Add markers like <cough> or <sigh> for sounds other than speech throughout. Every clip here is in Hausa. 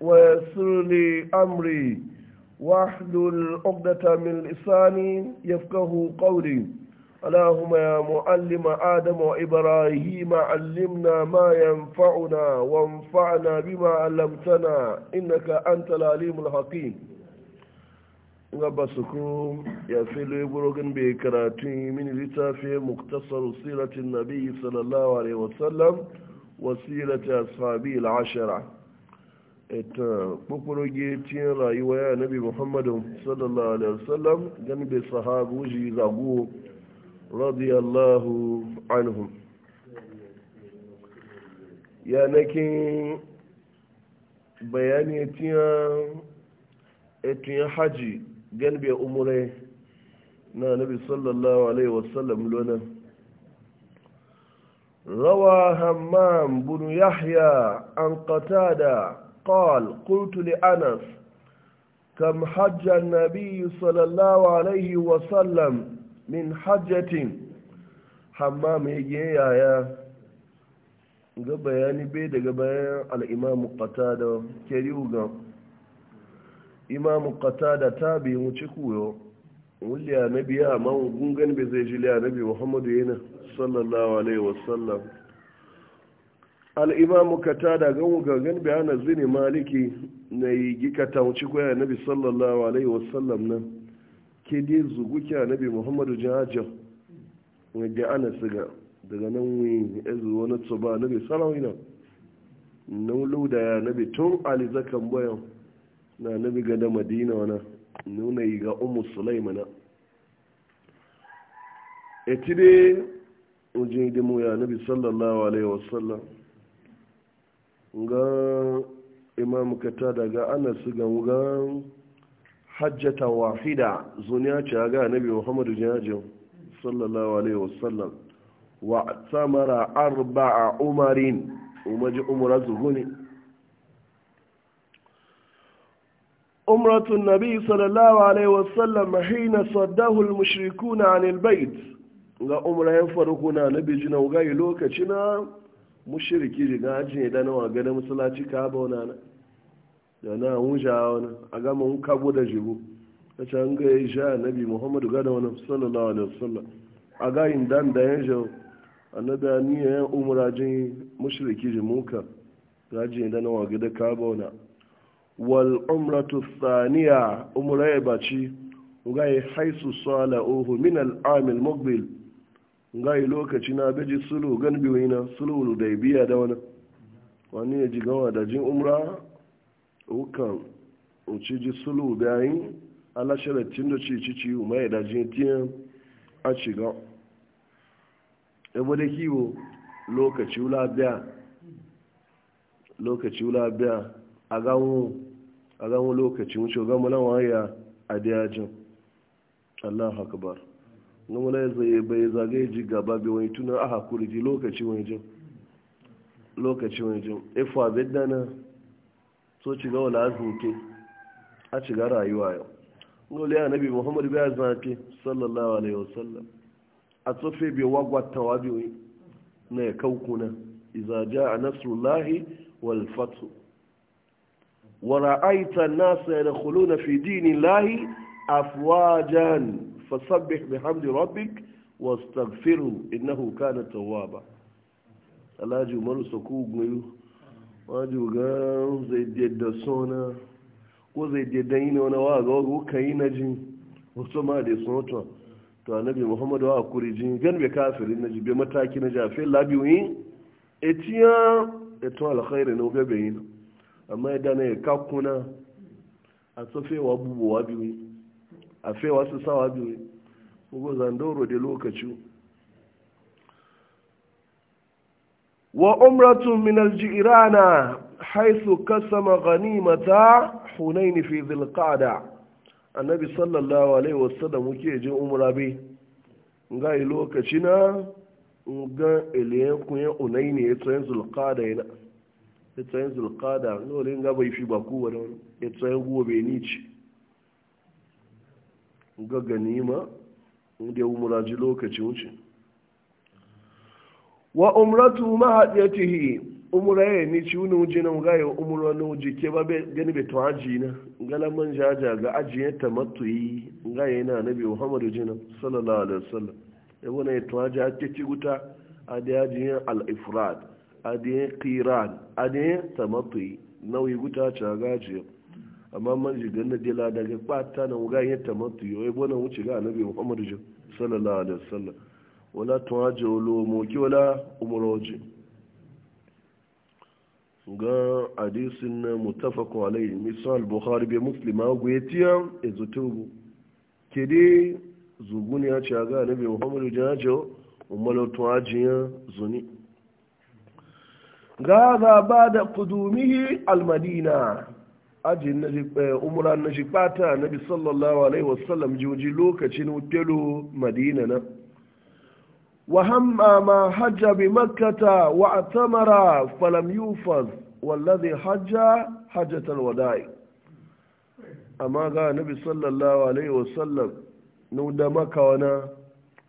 ويسر لي أمري واحلل عقدة من لساني يفقه قولي اللهم يا معلم آدم وإبراهيم علمنا ما ينفعنا وانفعنا بما علمتنا إنك أنت العليم الحكيم gaba suku ya filo ya bai karatu mini littafin muktasar siratin nabi sallallahu alaihi wasallam wasilati ashabi al-ashara ita kwakwuroge cikin rayuwa ya nabi muhammadu sallallahu alaihi wasallam gani bai sahabu shi zagu radiyallahu anhu ya nakin bayani cikin etin haji gani bai umure na nabi sallallahu alaihi wasallam lona Rawa hammam bunu yahya an qatada قال قلت لأنس كم حج النبي صلى الله عليه وسلم من حجة حمام يجيها يا ga bayani bai daga bayan al'imamu qatada ke riugan imamu qatada ta biyu kuyo wuliya na biya ma gungan bai zai ji liya na biyu muhammadu yana sallallahu alaihi wasallam al'imamu ka ta da gan gagan bayan na zini maliki na yi gikata ta wuce kwaya nabi sallallahu alaihi wasallam nan ke dai zugu kya nabi muhammadu jihajar wadda ana siga daga nan wuyi ezu wani tsoba nabi salawai nan nan luda ya nabi tun alizakan bayan na nabi gada madina wana nuna yi ga umu sulaimana etide ujin dimu ya nabi sallallahu alaihi wasallam ga imam kata daga anas ga ga hajjata wahida zuniya ce ga nabi muhammadu jinajin sallallahu alaihi wasallam wa samara arba'a umarin umaji umra zuhuni umratun nabi sallallahu alaihi wasallam hina saddahu almushrikuna anil bait ga umra farko na nabi jinau ga lokaci na mushiriki riga ajin ya dana wa gada musulaci ka ba wani ana da na wuja wani a gama un kabo da jibu ta can ga ya sha nabi muhammadu gada wani sallallahu alaihi wasallam a gayin dan da ya jau annabi a niyan yan umura jin mushiriki jimunka ga ajin dana wa gada ka ba wani wal umratu thaniya umra ya baci ga ya haisu sala'uhu min al-amil mugbil ngayi lokaci na beji sulu gan biyu na sulu da biya da wani wani ya ji gawa da jin umra ukan uci ji sulu bayan ala sharatin da ci cici mai da jin tiyan a shiga ebe da kiwo lokaci wula biya lokaci wula biya a ganwo a ganwo lokaci wuce gamunan waya a dajin allah akbar na wala zai bai zagaye ji gaba bai wani tunan a hakuri ji lokaci wani jin lokaci wani jin ifa e bai dana so ci ga wala azuke a ci ga rayuwa yau ngole ya nabi muhammadu bai zafi sallallahu alaihi wasallam a tsofe bai wagwatawa bai wani na ya kaukuna iza ja a nasrullahi wal fatu nasa ya da nasa na fi afuwa jani fasabbih bihamdi rabbik wastaghfiru innahu kana tawwaba alhaji umaru sako zai dedda sona ko zai dedda yi wani wa ga wago na jin wasu ma da sun a. to annabi muhammad wa kuri jin gan be kafirin na jibe mataki na jafe labiyu yi etiya etun alkhairi na obebe yi amma ya dana ya kakuna a tsofe wa bubu a fe wa ko zandoro da lokaci wa umratu min aljirana haythu kasama ghanimata hunain fi dhilqada annabi sallallahu alaihi wasallam muke je umra bi ga lokaci na ga eliyan ya unaini ya tsayin zulqada yana ya tsayin zulqada le ga bai fi baku wani ya tsayin gobe ni ci ga ganima inda umura ji lokaci wuce wa umratu ma hadiyatihi umura ya ni ci wani ji na mugaye umura wani wuce ke ba gani be to haji na galaman jaja ga ya tamattu yi ngaye na nabi muhammadu jina sallallahu alaihi wasallam ya wani ya to haji ake ci guta a da ajiyar al-ifrad a da qiran a da tamattu nauyi guta ci a gajiyar amma man shiga na dila daga kwata na wuga yin tamatu yau yabo na wuce ga annabi muhammad ji sallallahu alaihi wasallam wala tuwaje wala moki wala umroji ga hadisin na mutafakun alaihi misal bukhari bai muslima gwetiya ezotubu ke dai zuguni ya ce ga annabi muhammad ji hajo umar tuwaje ya zuni ga za ba da kudumihi almadina aji na umra na shi bata nabi sallallahu alaihi wasallam juji lokacin wutelo madina na wa hamma ma hajja bi makkata wa atamara falam yufaz wallazi hajja hajjatal wada'i amma ga nabi sallallahu alaihi wasallam nu da maka wana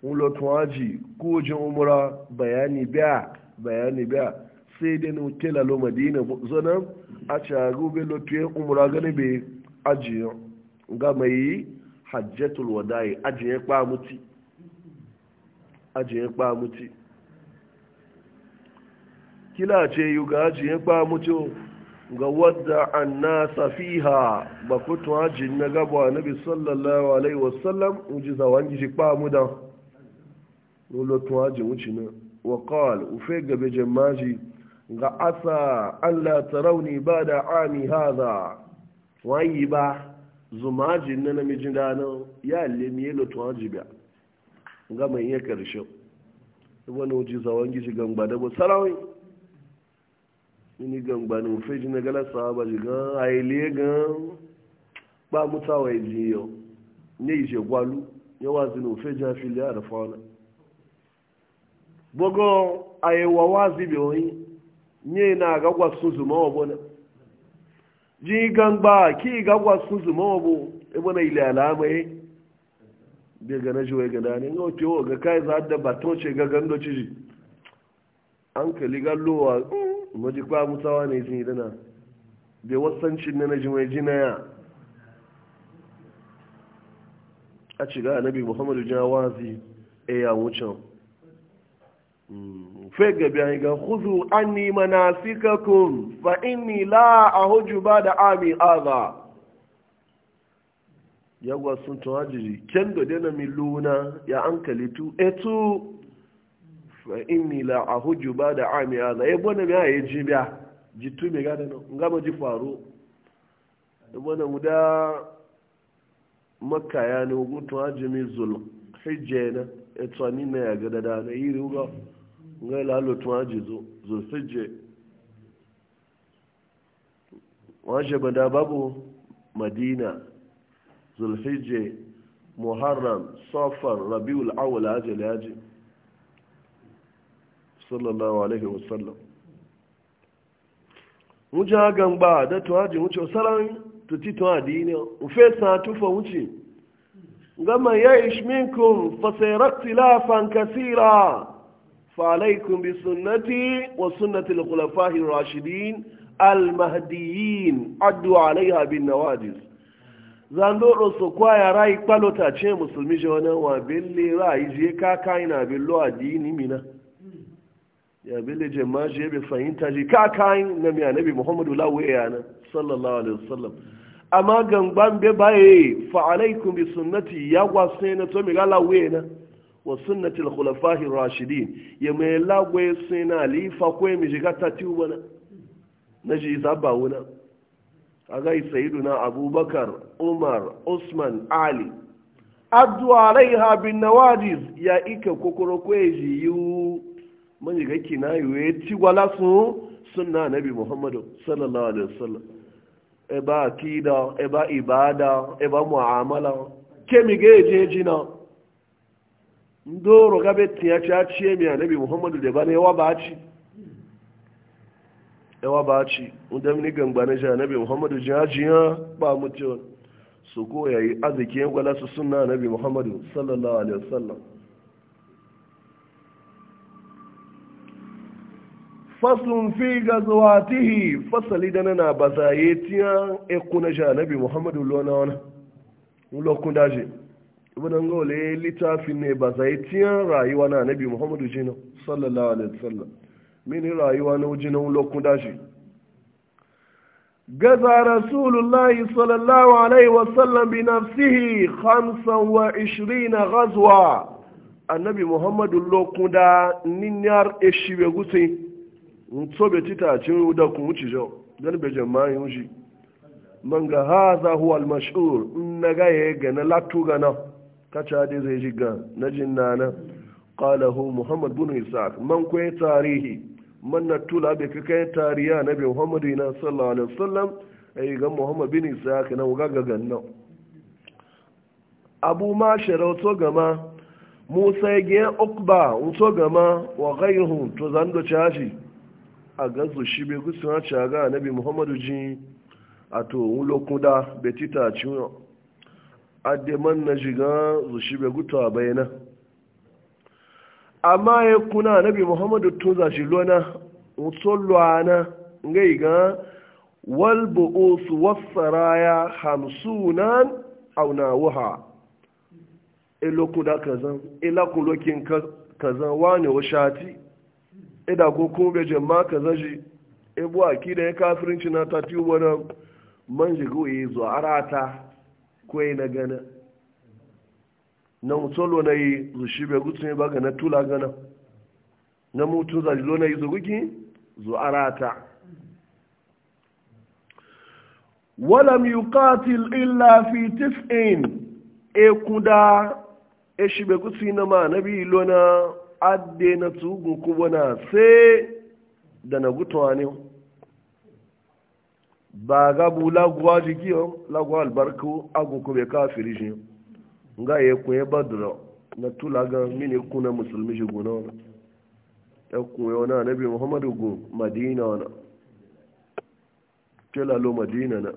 ulotun aji ko jin umra bayani biya bayani biya sai dai na tela lo madina zonan a cagu bai lotuye umura gani bai ajiyo ga mai hajjatul wadayi ajiye kpa muti ajiye kpa muti kila ce yi ga ajiye kpa muti ga wadda an na fiha ba kutu ajin na a nabi sallallahu alaihi wasallam uji zawon gishi kpa muda lulotun ajin wuce na wakal ufe gabe jamaji ga asa Allah tarauni ba da ami haza wayi ba zumajin na namijin danan ya lemi ya lotu wajibiya ga mai iya karshe wani wuce zawon gishi gangba da bu sarawai ni gangba ne mafi ji na gala sahaba ji gan aile gan ba mutawa ya e ji yau ne ishe gwalu yawa zini mafi ji hafi liya da fauna bugo ayewa wazi bi oyin nye na ga gwasu zuma obo na ji gangba ki ga gwasu zuma obo ebo na ile alama eh bai gana ji wai gana ne yau o ga ka za da baton ce ga gando an kali lowa maji mm, kwa musawa ne sun yi dana bai wasancin na ji ji na ya a ci ga muhammadu jawazi e ya wucin fega biya ga khuzu anni manasikakum fa inni la a ahuju da ami adha yagwa sun to hajiri kendo dena miluna ya ankali tu etu fa inni la a ahuju ba'da ami adha e bona mi ayi e jibiya jitu me gada na, nga ma ji faru e bona muda maka ya no gutu hajimi zul hijjena etu anina ya gada da na yiri ugo nga ila lotun aji zo zo sije wajen bada babu madina zulhijje muharram safar rabiul awwal aji laji sallallahu alaihi wasallam wuce hagan ba da tuwaji wuce saran tuti tuwa dini ufe sa tufa wuce ngama ya ishminkum fasairar tilafan kasira فعليكم بسنتي وسنة الخلفاء الراشدين المهديين عدوا عليها بالنواجز zandoro su kwaya rai ta ce musulmi shi wani wa belle rai je kaka ina bello addini mina ya belle je ma je be fahimta je kaka na mi annabi muhammadu ya na sallallahu alaihi wasallam amma gangban be baye fa alaikum bi sunnati ya na to mi wa sunnatil khulafahir rashidin ya mai lagwe suna alifa ko ya mijiga ta tuba na na ji zaba wuna a gai sayiduna abubakar umar usman ali addu'a laiha bin nawadiz ya ika kokoro ko ya ji yiwu man jiga kina yiwu ya ci gwala su sunna nabi muhammadu sallallahu alaihi wasallam eba akida eba ibada eba mu'amala kemi ga je jina ndoro gabe tiya cha ciye mi annabi muhammadu da bane yawa ba ci yawa ba ci unda mini gangba na ja annabi muhammadu jajiya ba mutu su ko yayi azike yan gwala su sunna nabi muhammadu sallallahu alaihi wasallam faslun fi gazawatihi fasali dana na bazaye tiya ekuna ja nabi muhammadu lona wana lokun daje ibinan gole littafi ne ba zai tiyan rayuwa na Annabi muhammadu jina sallallahu alaihi wasallam mini rayuwa na jina lokun dashi gaza rasulullahi sallallahu alaihi wasallam bi nafsihi khamsan wa ishirina ghazwa annabi muhammadu lokun da ninyar eshibe gusi ntsobe titacin da kun wuce jau don bejan mayan wuce man ga haza huwa almashur in na gaya ga na latu ga kacha dai zai ga na jinnana qala hu muhammad bin isaac man kwai tarihi man na tula be kai tariya nabi muhammad ina sallallahu alaihi wasallam ai ga muhammad bin isaac na ga ga ganna abu ma to gama musa ya ge ukba to gama wa ghayruhu to zan zando chaji a gansu shi be gusuna na nabi muhammad jin ato un lokuda betita ciwo ademan na shiga su shibe guta bayana amma ya kuna nabi muhammadu tun za shi lona mutsolwana ngai ga wal bu'us wasaraya hamsunan aunawuha iloku e kazan ilakulokin e kazan wani wa shati ida e ko kuma bai jama kazan shi ibu da ya kafirinci na tatiwa na man ya yi zuwa arata kwai na gana na mutolo na yi zushi bai gutsun ba gana tula gana na mutu zalilo na yi zo zu'arata walam katil illa fi tis'in e kuda e shi bai gutsun na ma nabi lona adde na tugun kubona sai da na gutuwa ne ba gabu lagwa jikiyo lagwa albarku agun kube kafiri shi nga ya kunye badura na tula ga mini kuna musulmi shi guna wana ya kunye wana nabi muhammadu gu madina na kela lo madina na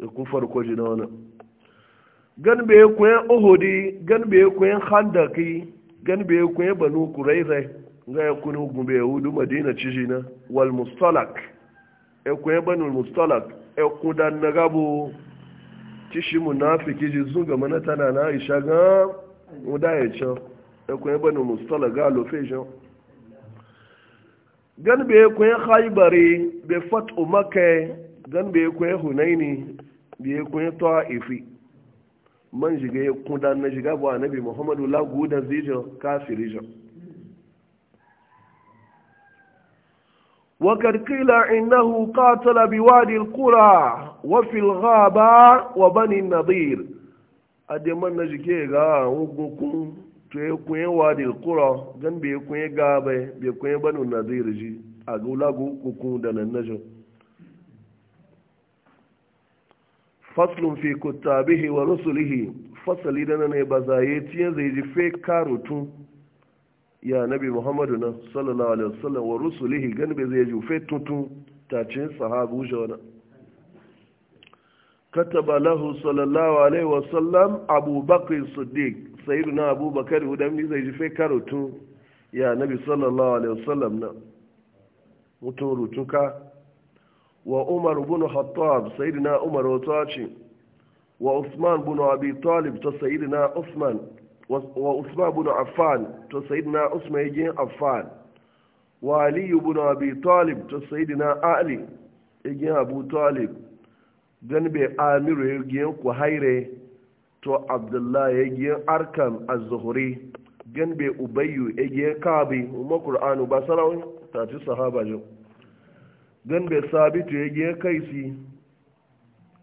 ya farko ji na wana gan be kunye uhudi gan be kunye handaki gan be kunye banu kurairai nga ya kunu gumbe yahudu madina ciji na wal mustalak yabani kun yaban al mustalak e kun dan na gabo cishi munafiki ji zunga mana tana na aisha ga mu da ya can e kun yaban al mustalak ga location gan be kun ya khaybari be fatu makke gan be kun ya hunaini be kun ya ta'ifi man jiga kun dan na jiga bu anabi muhammadu la gudan zijo kafirijo وقد قيل إنه قاتل بوادي القرى وفي الغابة وبني النضير أدي من نجيكي غا وقوكم تيكوين وادي القرى جن بيكوين غابة بيكوين بني النضير جي أقول لكم كوكو دان النجو فصل في كتابه ورسله فصل fasali نبزايتين زي ba كاروتون ya nabi muhammadu na sallallahu alaihi wasallam wa rusulihi ganbe zai jufe tuntun tacin sahabu jona kataba lahu sallallahu alaihi wasallam abubakar siddiq na abubakar hudan zai jufe karatu ya nabi sallallahu alaihi wasallam na mutum rutuka wa umar bin khattab na umar wata ce wa usman bin abi talib ta na usman wa usman bin affan to sayyidina usman yajin affan wa ali bin abi talib to sayyidina ali yajin abu talib gan be amiru yajin ku haire to abdullahi yajin arkam az-zuhri gan be ubayyu yajin kabi umma qur'anu basarawi ta ci sahaba jo gan be sabitu yajin kaisi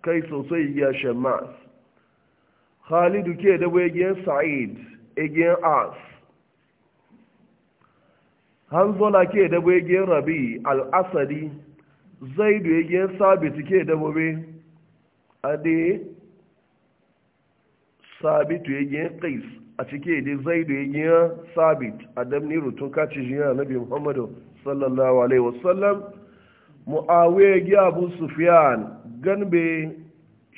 kai sosai ya shammas halidu ke da egiyan sa'id egiyan as hanzola ke da egiyan rabi al'asadi zaidu egiyan sabit ke da bobe ade sabitu egiyan qais a cike da zaidu egiyan sabit adam ni rutun kaci jiya nabi muhammadu sallallahu alaihi wasallam muawiya egiyan abu sufyan ganbe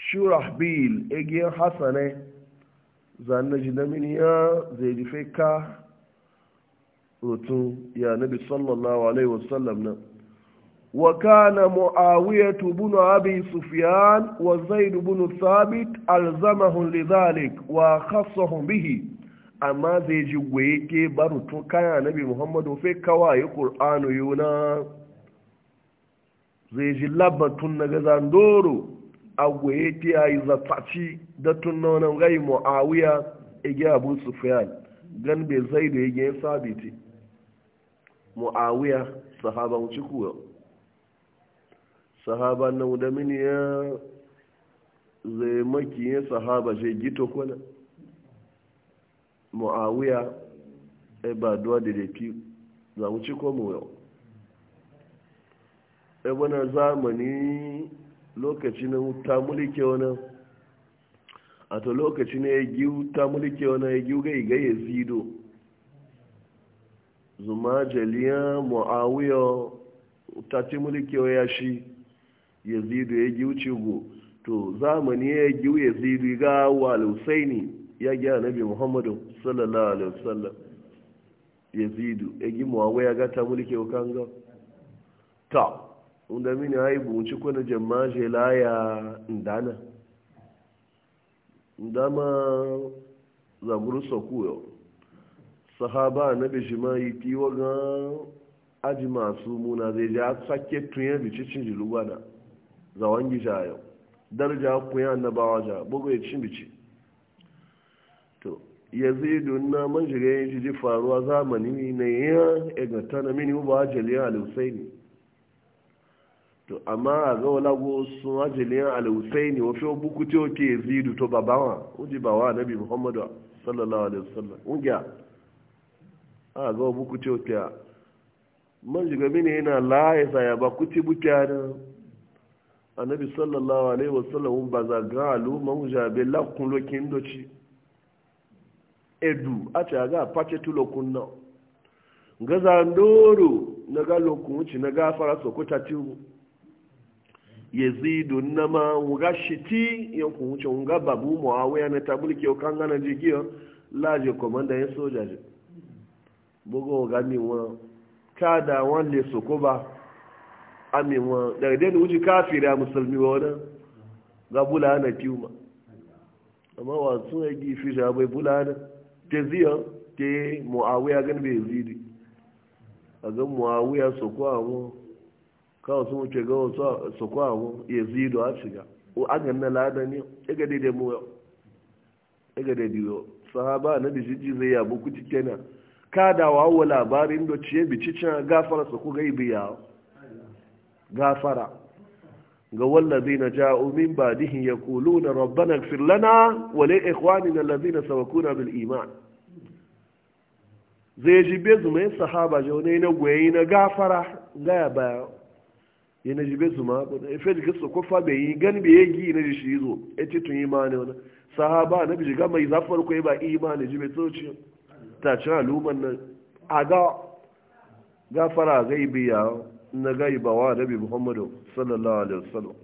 Shurah bil egiyar hassanai zanen jidamin ya zai jife ka rutun ya nabi sallallahu alaihi wasallam nan wa kana mu'awiyatu ibn abi sufyan wa zaid ibn thabit alzamahum lidhalik wa khassahum bihi amma zai ji goye ke barutu kaya nabi muhammadu fe kawai ƙur'anu yuna zai ji labatun na gazan doro agwaye a yi zafaci da tunanin gai mu'awiya igi abu sufiyan gan bai zai da yage ya sabiti mu'awiya sahaban cikuwa sahaban na mini ya zai maki ya sahaba zai gito kwana ma'awiya ya e ba duwa da dafi za mu ci komo yau ebe zamani lokaci na ta mulke wani a to lokaci na ya giyu ta mulke wani ya giyu ga igaye zido zuma jaliya mu'awiyo ta ci mulke ya shi ya zido ya giyu cigo to zamani ya giyu ya zido ga ne ya gya nabi muhammadu sallallahu alaihi wasallam ya zido ya giyu mu'awiyo ga ta mulke wa kanga ta unda mini haibu unci kwana jamaje laya ndana ndama zamuru sokuyo sahaba na bejima yi kiwa ga aji masu muna zai ja sake tuyen bicicin jilugwana za wangi jayo darja kuya annabawa ja bugu ya cin bici to yazidu na manjiga yin ji faruwa zamani ne ya egata na mini ba ajali ya ne to amma a ga walago sun ajiyar alhussaini wafi wa bukuti wa ke zidu to babawa uji ba wa nabi muhammadu sallallahu alaihi wasallam ungiya a ga wa bukuti wa ke man shiga mini yana la'aisa ya ba kuti bukiya na annabi sallallahu alaihi wasallam ba za ga aluman jabe lakun lokin doci edu a ce ga face tulokun nan ga zandoro na ga lokun wuce na gafara sokota tiwu yazidu nama wuga yo yankun wuce babu muawiya na tabulki yau kan gana jigiya laje komanda ya soja je bugu wuga mi kada wọn le soko ba a mi daga dai wuce kafiri a musulmi ba wani ga na tiuma amma wa sun yi gifi shi abai bula na te ziya te muawiya gan be yazidi a gan muawiya soko a mu kawo su wuce ga wasu su mu? ya zido a shiga o agan na lada ne ya ga daidai mu ya ga daidai yau sahaba na da jiji zai yabo kuci kenan da wa wa labarin da ciye bici can gafara su ga yi biya gafara ga wallazi na ja'u min badihin yaquluna rabbana ighfir lana wa li ikhwanina allazina sabaquna bil iman zai ji bezu mai sahaba jaune na goyi na gafara ga ya bayan yana jibe su ma ko efe diga so ko fabe yi gan be yegi ne shi zo eti tun imani wala sahaba na bi ga mai zafar ko ba imani jibe so ci ta ci aluman nan aga gafara gaibi ya na gaiba wa nabi muhammadu sallallahu alaihi wasallam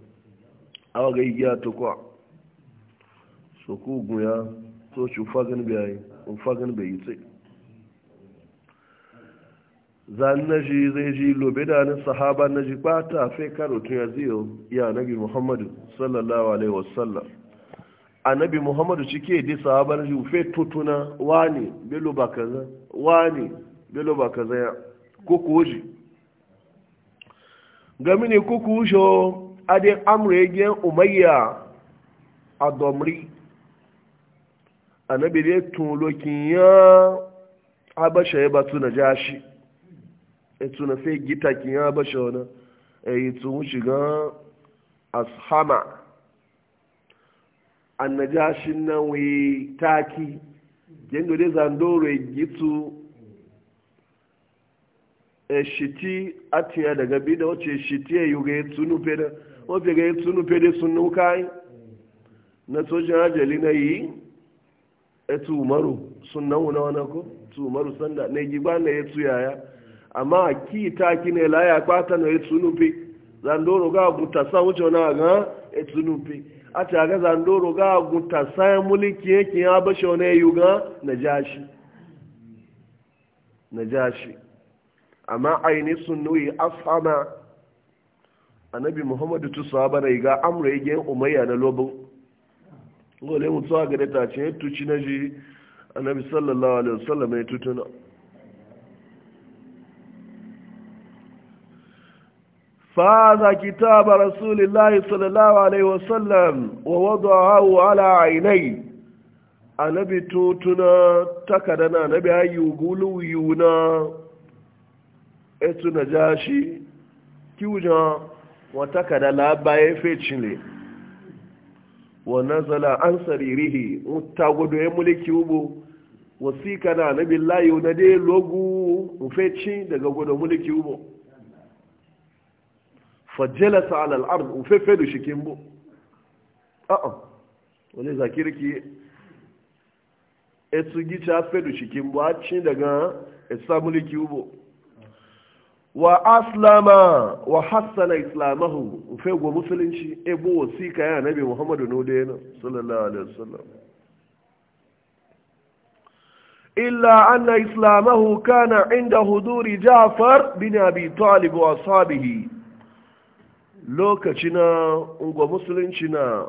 awa ga igiya to kwa so ku guya so ci fagan bi ayi fagan bai yi sai zan na ji zai ji lobe da na sahaba na ji ba ta fe karo tun ya ziyo ya nabi muhammadu sallallahu alaihi wasallam nabi muhammadu cike da sahaba na ji fai tutuna wani belo ba kaza wani belo ba kaza ya kuku ji gami ne kuku sho adin amre gen umayya a domri annabi dai tun lokin ya abasha ya batu na jashi e na fe gita ki ya ba shona e tun shiga ashama annajashin nan we taki gendo de zandoro e gitu e a tinya daga bida wace shiti e yuga e tunu peda wace ga e tunu peda sunu kai na sojin ajali na yi e tu umaru sunan wuna wana ko tu umaru sanda na yi gba na e tu yaya amma ki ta kine la ya na no etsunupi zandoro ga gutasa wuce na ga etsunupi a ta ga zandoro ga gutasa mulki na ya e ba shone yuga najashi najashi amma aini sunnuyi asama annabi muhammadu tu sahaba na ga amra yake umayya na lobo gole mutuwa ga da ta ce tuci na ji annabi sallallahu alaihi wasallam ya tutuna فهذا كتاب رسول الله صلى الله عليه وسلم ووضعه على عيني annabi tutuna takada na annabi ayu gulu yuna etu na jashi kiwuja wa takada la baye fecile wa nazala an saririhi mutagudu ya mulki ubu wasika na annabi layu na dai logu feci daga gudu mulki ubu fajalasa ala al-ard u fefe du a'a wani zakirki ki su gicha fe shi shikin bu a cin daga esamuli ki wa aslama wa hassana islamahu ufe gwa musulunci e wasi wasika ya nabi muhammadu nude yana sallallahu alaihi wasallam إلا أن إسلامه كان عند حضور جعفر بن أبي طالب وأصحابه lokaci na ungwa musulunci na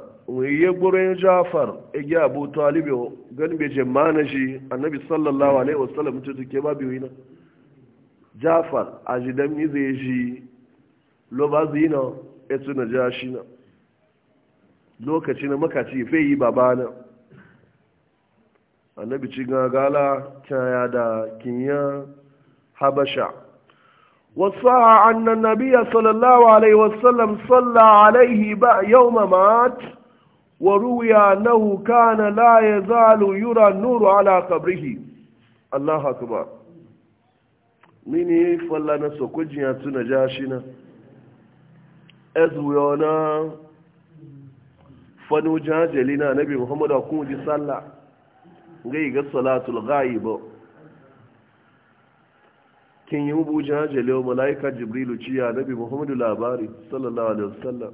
ya gburin jafar igi abu talibi gani bai jemana shi annabi sallallahu alaihi wasallam mutu suke ba biyu na jafar a jidan mize ya shi lo ba zai na etu na ja shi na lokaci na makaci fai yi babana annabi ci gagala kya da kinya habasha وصاع أن النبي صلى الله عليه وسلم صلى عليه يوم مات وروي أنه كان لا يزال يرى النور على قبره الله أكبر من فلا نسوكو جياتنا جاشنا إذ يونا فنو لنا نبي محمد أكون جي صلى غيق الصلاة الغائبة kin yi hubu jihajjale wa mala'ika jibrilu ciya nabi muhammadu labari sallallahu alaihi wasallam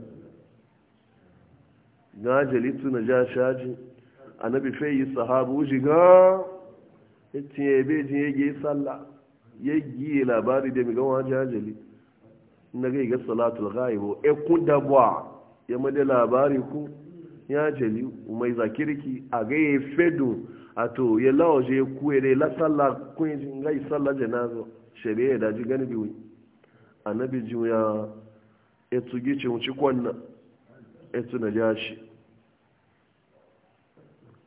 na jalitu na ja shaji a nabi fayi sahabu jiga itin ya ebe jin yage ya yage labari da migan wa jihajjale na ga iga salatul ghaibu e kun dabwa ya made labari ku ya jali mai zakirki a ga ya fedu a to ya lawaje ku ya la salla kun yi sallah janazo shari'a ya daji gani biyu annabi ji ya etu gici wuci kwanna etu na ja shi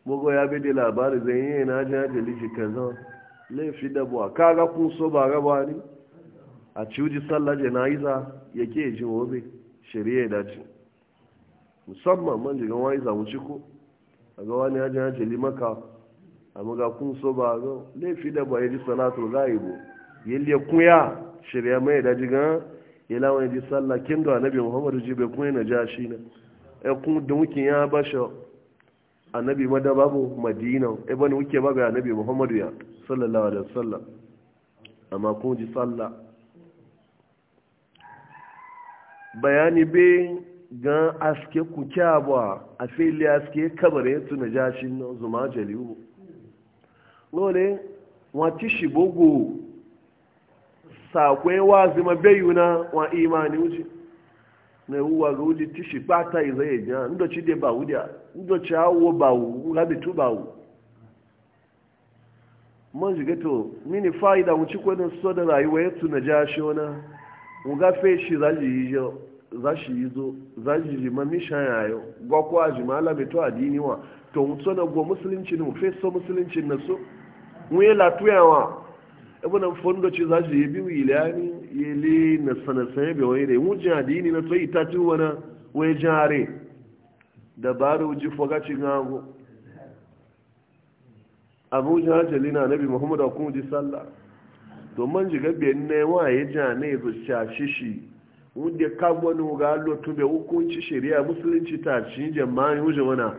mugo ya bi da labari zai yi na ji hajji liki kaza laifin laifi dabuwa kaga kun so ba gaba ne a ciwuji sallah jana'iza yake ji wobe shari'a ya daji musamman man jigan wani zamu ko a ga wani hajji hajji limaka a muga kun so ba gaba da buwa ya ji salatu gaibu yelle kuya shirya mai da jiga ila wani ji sallah kin da annabi muhammadu jibe kuma na ja shi ne e kun da muke ya basho, annabi ma da babu madina e bani muke babu annabi muhammadu ya sallallahu alaihi wasallam amma kun ji sallah bayani be gan aske ku kyabwa a fili aske kabare su na ja shi ne zuma jalibu lole wọ́n ti bugu sakwai wazi mabeyuna wa imani wuce na ruwa ga wuce yi zai jiya inda ci dai ba wudiya inda ci hawo ba wu rabitu mini fa'ida mu ci kwanin so da rayuwa ya tuna ja shi wani mu ga fe shi za shi yi jo za yi ma mi yayo gwa ma ala beto wa to mu na gwa musulunci ne so ibunan fondo ci za yi bi wilani yele na sanasanye bai wani dai mujin adini na tsoyi ta ci wani da wai e jare dabaru ji fogaci hango abu jajali na nabi muhammadu a kuma ji sallah to man ji gabe ne wa ya e ja ne zo shashi shi wanda ka gwani ga lotu bai hukunci shari'a musulunci ta ci jama'a yi wuce wana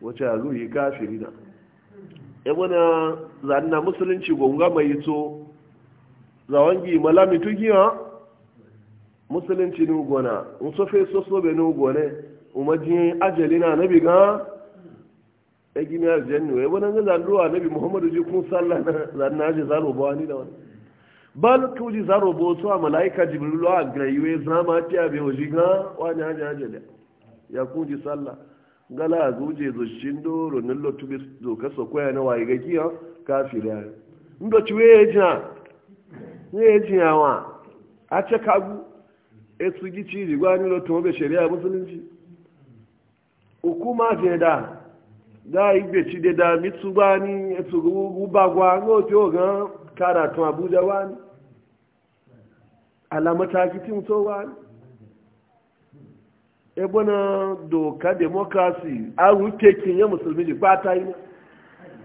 wace a zuwa yi kafiri na ya ebona zanna musulunci gonga mai to zawangi malami tugiya musulunci ni gona nso soso so so be ni gona umaji ajali na nabi ga e gini aljannu ya wona ga zandu nabi muhammadu ji kun sallah zanna ji zaro ba ni da wani bal ku ji zaro bo so malaika jibril a graiwe zama ti abi hojiga wani ajali ya kun ji sallah gala guje zo shin doro nan lotu bi zo ka koya na waye gaki ha kafira ndo ci we jina we wa a ce kagu e su gi ci ri gwani lotu be musulunci hukuma je da da igbe ci de da mitsu bani e gwa gu ngo ti o kara abuja wani alamata to wani ebe na doka demokrasi a wuke kinye musulmi ji fata yi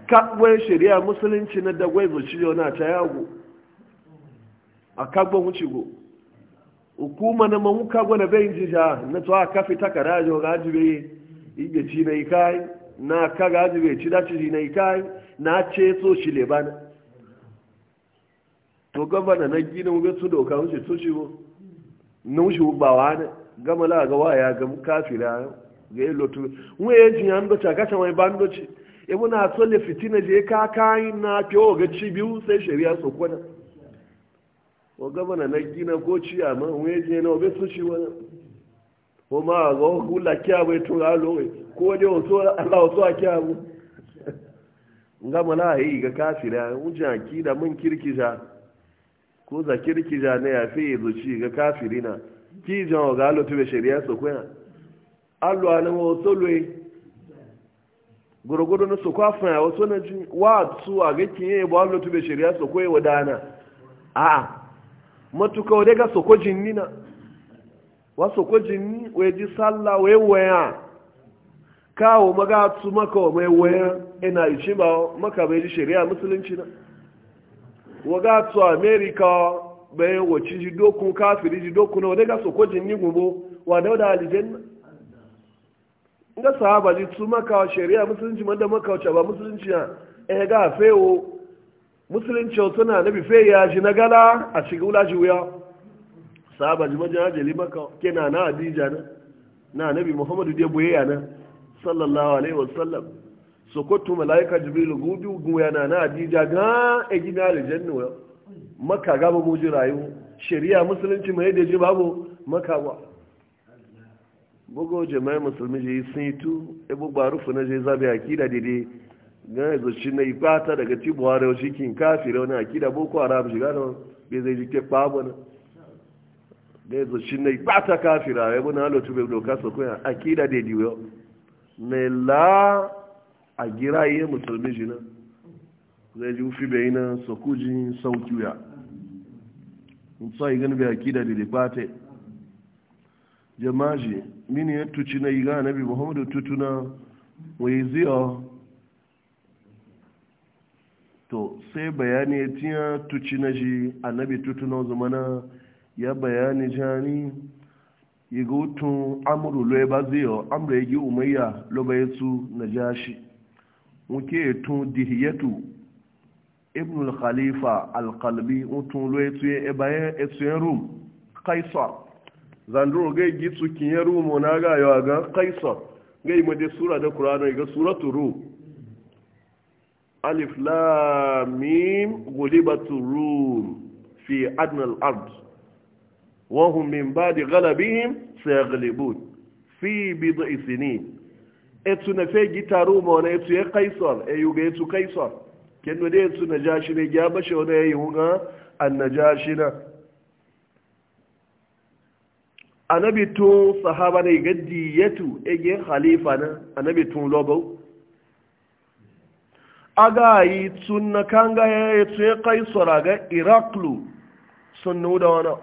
kagbon shari'a musulunci na dagwai zuci yau na caya agwo. a kagbon wuce go hukuma na mamu kagbon na bayin jija na tsawa kafi takara ji ga ajibe iya ci na ikai na ka ga ajibe ci da ci na ikai na ce so shi lebana to gabana na gina mu doka wuce so nushi ba ne gama la ga waya ga kafira ga yi lotu mu ya ji an doce kashin wani ban doce ya muna e tsolle fitina je ka kayan na fiyo ga ci biyu sai shari'a su kwana wa gama na na gina ko ci a man mu ya ji na obe su ci wani ko ma ga hula kyabu ya tura lowe ko dai wasu allah wasu a kyabu <laughs> gama la yi ga kafira mun ji mun kirkisa ko za kirki ja ne ya fi zuci ga na. ki jan ga lotu be shari'a so kwena allo ala mo tolwe gorogodo no so kwa fa ya wato na jin wa su a ga kin ye ba lotu be shari'a so koyi wadana a a matuka wade ga so ko jinnina wa so ko jinni we ji salla we waya kawo maga tu maka wa mai waya ina yi ba maka bai ji shari'a musulunci na waga tso Amerika bayan wacce ji dokun kafiri ji dokun na wadai ga so kojin ni gumbo wa da wadda alijanna nga sahaba ji su maka shari'a musulunci man da maka ba musulunci ya eh ga fewo musulunci na nabi fe ya ji na gala a cikin wula wuya sahaba ji majin ajali maka kena na adija na na nabi muhammadu dai boye ya na sallallahu alaihi wasallam sokoto malaika jibrilu gudu guyana na adija ga egina aljanna maka gaba mu ji rayu shari'a musulunci mai da ji babu maka ba bugo jama'a musulmi ji sun yi tu e bugba rufu na je zabi akida dide ga yanzu shi na ibata daga ti buhari shi kin kafira wani akida boko haram shiga da bai zai jike babu na ga yanzu shi na ibata kafira ya e bu na halittu bai doka sokoya akida dede yau ne la a gira iya musulmi jina zai ji ufi bai na sakujin saukiya musa yi gani bai akida da lifate jamaji mini ya tuci na iga nabi muhammadu tutuna wai ziyo to sai bayani ya tiya tuci na shi annabi tutuna na ya bayani jani yi gutun amuru lo ya ba ziyo amuru ya gi umayya lo ba su na jashi muke tun dihiyatu ibn khalifa alkalbi qalbi lo etuye ebaye etuyen rum kaisar zanduro gai gitsu kinye rumo na ga yawa kaisar gai made sura da kuranu ga suratu rum alif lam gulibatu rum fi adnal al-ard wa hum min ba'di ghalabihim sayghlibun fi bid'i sinin etu na fe gitaru ma wani etu ya e kaisor e yuga etu kaisor kendo da etu na jashi ne ya bashe wani e ya yi hunga an na jashi na anabi tun sahaba ne ga diyatu ege khalifa na anabi tun lobo aga yi tun na kanga ya etu ya e kaisar aga iraklu sun nuda wani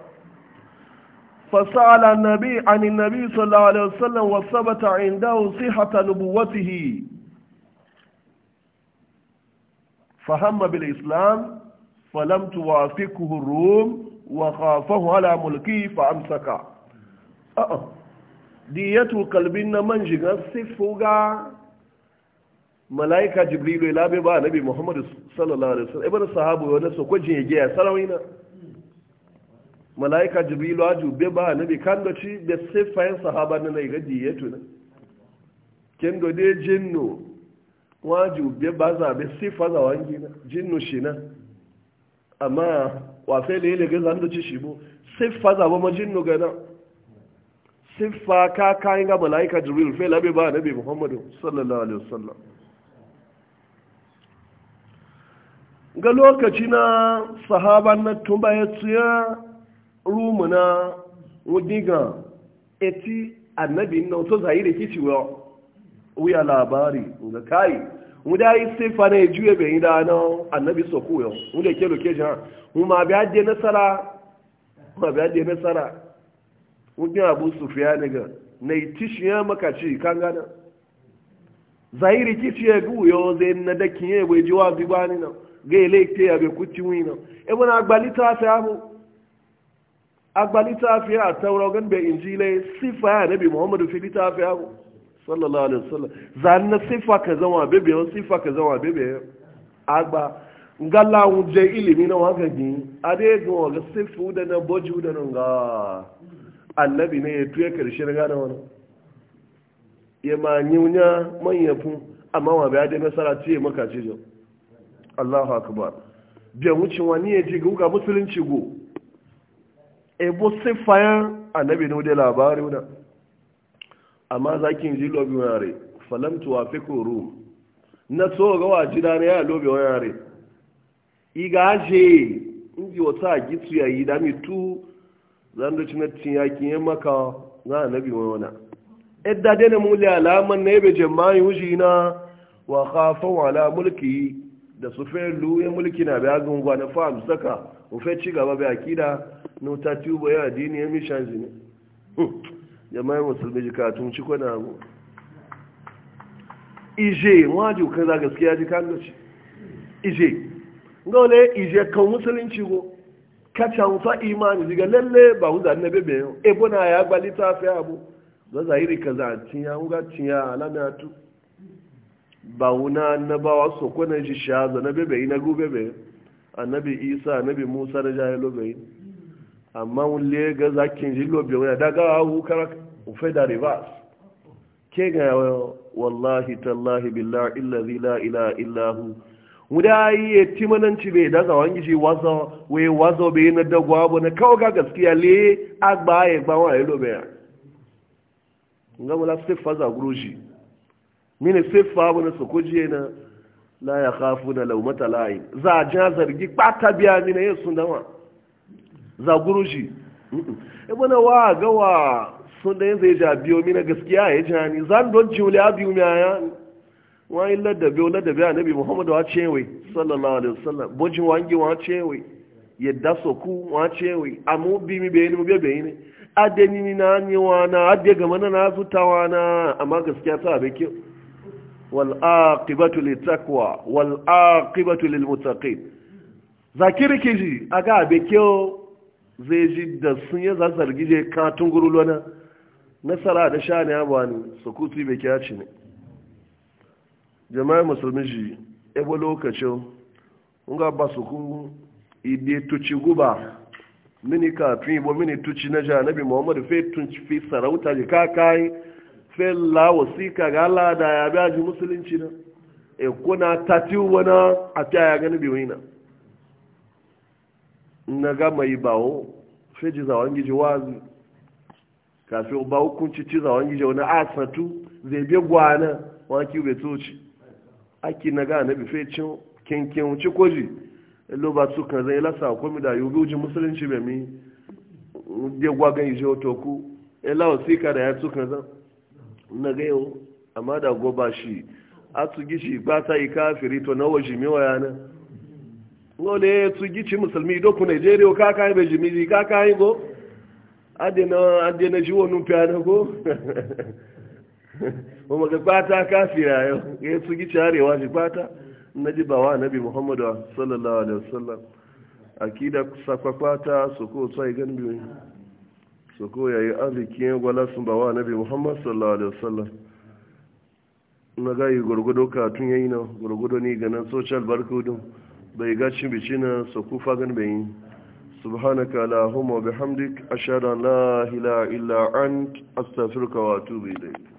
فسأل النبي عن النبي صلى الله عليه وسلم وثبت عنده صحة نبوته فهم بالإسلام فلم توافقه الروم وخافه على ملكه فأمسك أه. أه. ديته قلبنا من جغا ملائكة جبريل إلى ببا نبي محمد صلى الله عليه وسلم إبن الصحابة ونسو كجي جي سلوينا malaika jibrilu aju be ba na bi kan doci be sifayin sahaba na nai gadi ya tuna ken do de jinnu waju be ba za be sifa za wangi na jinnu shina amma wa fe le le ga doci shi bo sifa za ba ma jinnu ga na sifa ka kayan ga malaika jibril fe be ba bi muhammadu sallallahu alaihi wasallam ga lokaci na sahaban na tumba ya tsaya rumu na wudiga eti annabi na to zahiri kici wa wuya labari ga kai muda yi sifa na eju ebe yi dana annabi so koyo muda ke loke jan ma bi adde nasara ma bi adde nasara muda abu sufyan ga na itishiya makaci kan gana zahiri kici ya guyo zai na dakin ya bai jiwa bibani na ga ele ke ya bai wina e bana gbalita sai abu Agba tafiya a taura gan bai injile sifa ya nabi muhammadu fi tafiya sallallahu alaihi wasallam zan na sifa ka zama bebe yau sifa ka zama bebe yau agba ngala je ilimi na waka gi ade go ga sifu da na boju da nan ga annabi ne ya tuye karshe na gane wani ya ma nyunya manya fu amma wa bai da nasara ce maka ce jo Allahu akbar biyan wucin wani ya ji ga musulunci go ebo sifayen annabi ne da labari wuna amma zakin ji lobi wani falam tuwa fi koro na so ga wa jira na ya lobi wani iga aje ndi wata gitu ya yi dami tu zan da cin yakin yin maka za a nabi wani idda dai na muli alaman na yabe jama'i wuji na wa khafan ala mulki da su fe luye mulki na biya gungwa na fam saka ufe ci gaba biya kida na wuta tubo ya dini ya mishan zine hm, jama'i musulmi ji katun ci kwana mu ije wajen kan za gaskiya ji kan gaci ije ga ije kan musulunci go kacha wuta imani diga lalle ba huza na bebe yau ebo ya gbalita fi abu za zahiri kaza tiya wuga tiya alamiyatu ba wuna annabawa su kuna shi shaza na bebe na gube be annabi isa annabi musa na jaye lobe amma le ga zakin ji lobe wuna daga hawu kara ufe da rivers ke ga wallahi tallahi billahi illa zila ila illahu wuda yi ya ti mananci bai daga wani shi wazo wai wazo bai na dagwa abu na kawo ga gaskiya le agba ya gbawa ya lobe ya nga mula sai guruji mini siffa wani su kuje na la ya kafu na laumata layi za a ja zargi ɓata biya mina yin sun dama za guru shi ibana wa ga wa sun da yin zai ja biyo mini gaskiya ya ja ni zan don wuli a biyu miya ya wani ladabi o ladabi a nabi muhammadu wa cewe sallallahu alaihi wasallam bojin wangi wa cewe yadda soku wa cewe amma bi mi bayani mu bebe ne adeni ni na wa na adega mana na zutawa na amma gaskiya ta abe kyau wal'aƙibatu littakwa wal'aƙibatu lilmutaƙi zakiri kiji a ga abe kyau zai ji da sun yi zargi je katun gurulwana nasara da sha ne abuwa ne su kuti bai kya ci ne jama'a musulmi ji ebe lokacin nga ba su ku ibe tuci guba mini kafin ibo mini tuci na janabi muhammadu fe tun fi sarauta ji kakai fela wasika ga Allah da ya biya ji musulunci na e kuna tati wana a ta ya gani bi wina na ga mai bawo sai ji zawon gije wazi kafin ba hukunci ci zawon gije wani asatu zai bi gwana wani bai toci aki na ga na bi fe cin kenken wuce koji e lo ba su kan zai e lasa komi da yubi uji musulunci bai mi je gwagan ije otoku ela wasika da ya su kan zan na gayo amma da goba shi a tsugi shi ba ta yi kafiri to na waje mewa yana wale ya tsugi ci musulmi ku nigeria ka kayi bai jimiri ka kayi go adina ji wani na go ba maga kwata kafira yau ya tsugi ci arewa ji kwata na ji ba wa nabi muhammadu sallallahu alaihi wasallam akida sakwakwata su ko tsaye gan biyu su ko yayi arzikin gwala sun bawa nabi muhammad sallallahu alaihi wasallam na gayi gwargwado katun yayi na gwargwado ne ganin social barkudu bai ga cin bici na su ku fagen bai yi subhanaka allahumma bihamdik ashhadu an la ilaha illa ant astaghfiruka wa atubu ilayk